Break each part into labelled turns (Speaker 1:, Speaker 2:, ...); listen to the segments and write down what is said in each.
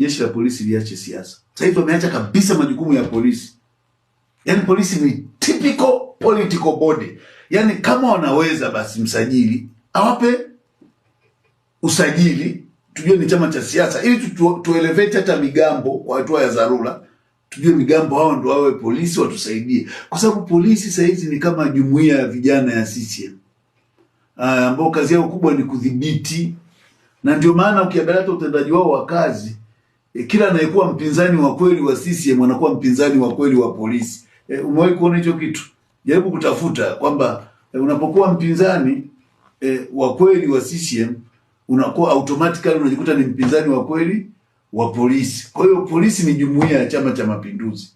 Speaker 1: jeshi la polisi liache siasa. Sasa hivi wameacha kabisa majukumu ya polisi, yaani polisi ni typical political body, yaani kama wanaweza basi msajili awape usajili tujue ni chama cha siasa ili tu, tuelevate hata migambo kwa hatua ya dharura, tujue migambo hao ndio wawe polisi watusaidie, kwa sababu polisi sahizi ni kama jumuiya ya vijana ya CCM ah, ambao kazi yao kubwa ni kudhibiti, na ndio maana ukiangalia hata utendaji wao wa kazi e, kila anayekuwa mpinzani wa kweli wa CCM eh, anakuwa mpinzani wa kweli wa polisi. E, umewahi kuona hicho kitu? Jaribu kutafuta kwamba e, unapokuwa mpinzani e, wa kweli wa CCM unakuwa automatically unajikuta ni mpinzani wa kweli wa polisi. Kwa hiyo polisi ni jumuiya ya Chama cha Mapinduzi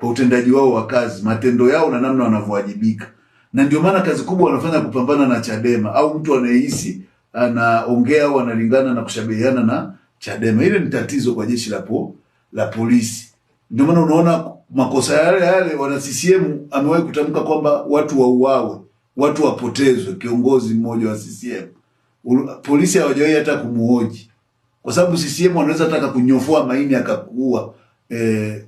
Speaker 1: kwa utendaji wao wa kazi, matendo yao na namna wanavyowajibika, na ndio maana kazi kubwa wanafanya kupambana na Chadema au mtu anayehisi anaongea au analingana na kushabihiana na Chadema. Ile ni tatizo kwa jeshi la po, la polisi. Ndio maana unaona makosa yale yale wana CCM amewahi kutamka kwamba watu wauawe, watu wapotezwe, kiongozi mmoja wa CCM. Polisi hawajawahi hata kumuhoji. Kwa sababu CCM wanaweza hata kunyofua maini akakuua. Eh,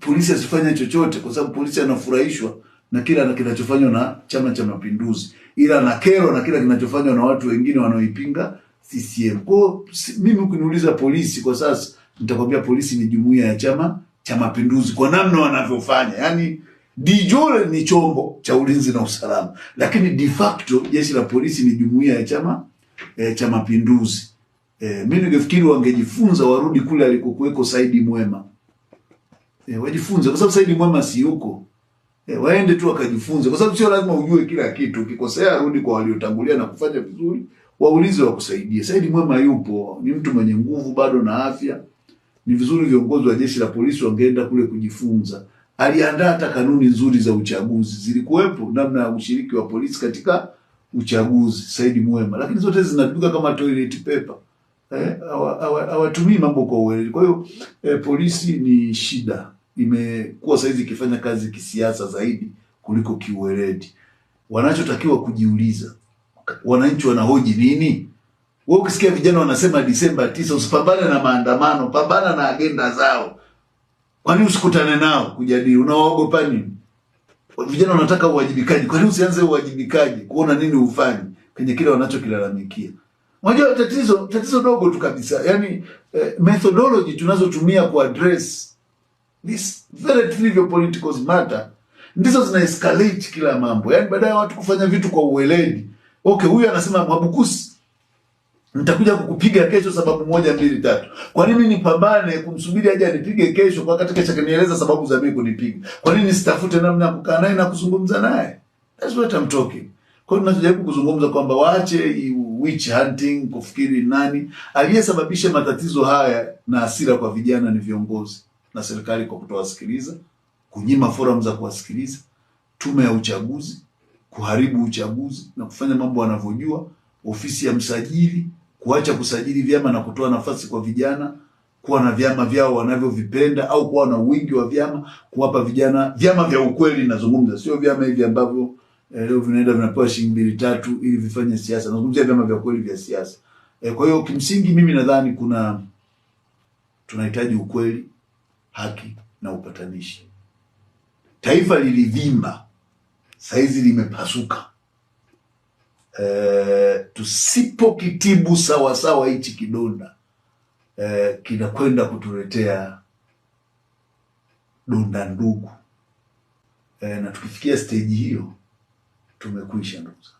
Speaker 1: polisi asifanye chochote kwa sababu polisi anafurahishwa na kila kinachofanywa na Chama cha Mapinduzi, ila na kero na kila kinachofanywa na watu wengine wanaoipinga CCM. Kwa mimi ukiniuliza polisi kwa sasa, nitakwambia polisi ni jumuiya ya Chama cha Mapinduzi kwa namna wanavyofanya, yaani dijole ni chombo cha ulinzi na usalama, lakini de facto jeshi la polisi ni jumuiya ya Chama e, cha Mapinduzi. E, mimi ningefikiri wangejifunza warudi kule alikokuweko Saidi Mwema. E, wajifunze kwa sababu Saidi Mwema si yuko. E, waende tu wakajifunze kwa sababu sio lazima ujue kila kitu. Ukikosea rudi kwa waliotangulia na kufanya vizuri waulize wakusaidia. Said Mwema yupo, ni mtu mwenye nguvu bado na afya. Ni vizuri viongozi wa jeshi la polisi wangeenda kule kujifunza. Aliandaa hata kanuni nzuri za uchaguzi, zilikuwepo namna ya ushiriki wa polisi katika uchaguzi, Said Mwema, lakini zote zinatumika kama toilet paper. Eh, hawatumii mambo kwa uweledi. Kwa hiyo eh, polisi ni shida, imekuwa saizi ikifanya kazi kisiasa zaidi kuliko kiuweledi. Wanachotakiwa kujiuliza wananchi wanahoji nini? Wewe ukisikia vijana wanasema Disemba tisa, usipambane na maandamano, pambana na agenda zao. kwani usikutane nao kujadili? Unawaogopa nini? Vijana wanataka uwajibikaji, Kwani nini usianze uwajibikaji kuona nini ufanye kwenye kile wanachokilalamikia? Unajua tatizo tatizo dogo tu kabisa, yani eh, methodology tunazotumia ku address this very trivial political matter ndizo zina escalate kila mambo, yani baadaye watu kufanya vitu kwa uweledi Okay, huyu anasema Mwabukusi, nitakuja kukupiga kesho sababu moja mbili tatu. Kwa nini nipambane kumsubiri aje anipige kesho, kwa katika cha kunieleza sababu za mimi kunipiga? Kwa nini sitafute namna ya kukaa naye na kuzungumza naye? That's what I'm talking. Kwa hiyo tunajaribu kuzungumza kwamba waache witch hunting, kufikiri nani aliyesababisha matatizo haya na hasira kwa vijana ni viongozi na serikali kwa kutowasikiliza, kunyima forum za kuwasikiliza, tume ya uchaguzi kuharibu uchaguzi na kufanya mambo wanavyojua, ofisi ya msajili kuacha kusajili vyama na kutoa nafasi kwa vijana kuwa na vyama vyao wanavyovipenda au kuwa na wingi wa vyama, kuwapa vijana vyama vya ukweli. Nazungumza sio vyama hivi ambavyo eh, leo vinaenda vinapewa shilingi mbili tatu ili vifanye siasa. Nazungumzia vyama vya kweli vya siasa. Eh, kwa hiyo kimsingi mimi nadhani kuna tunahitaji ukweli, haki na upatanishi. Taifa lilivimba saizi limepasuka. E, tusipokitibu sawasawa hichi kidonda e, kinakwenda kutuletea donda ndugu e, na tukifikia steji hiyo tumekwisha ndugu zangu.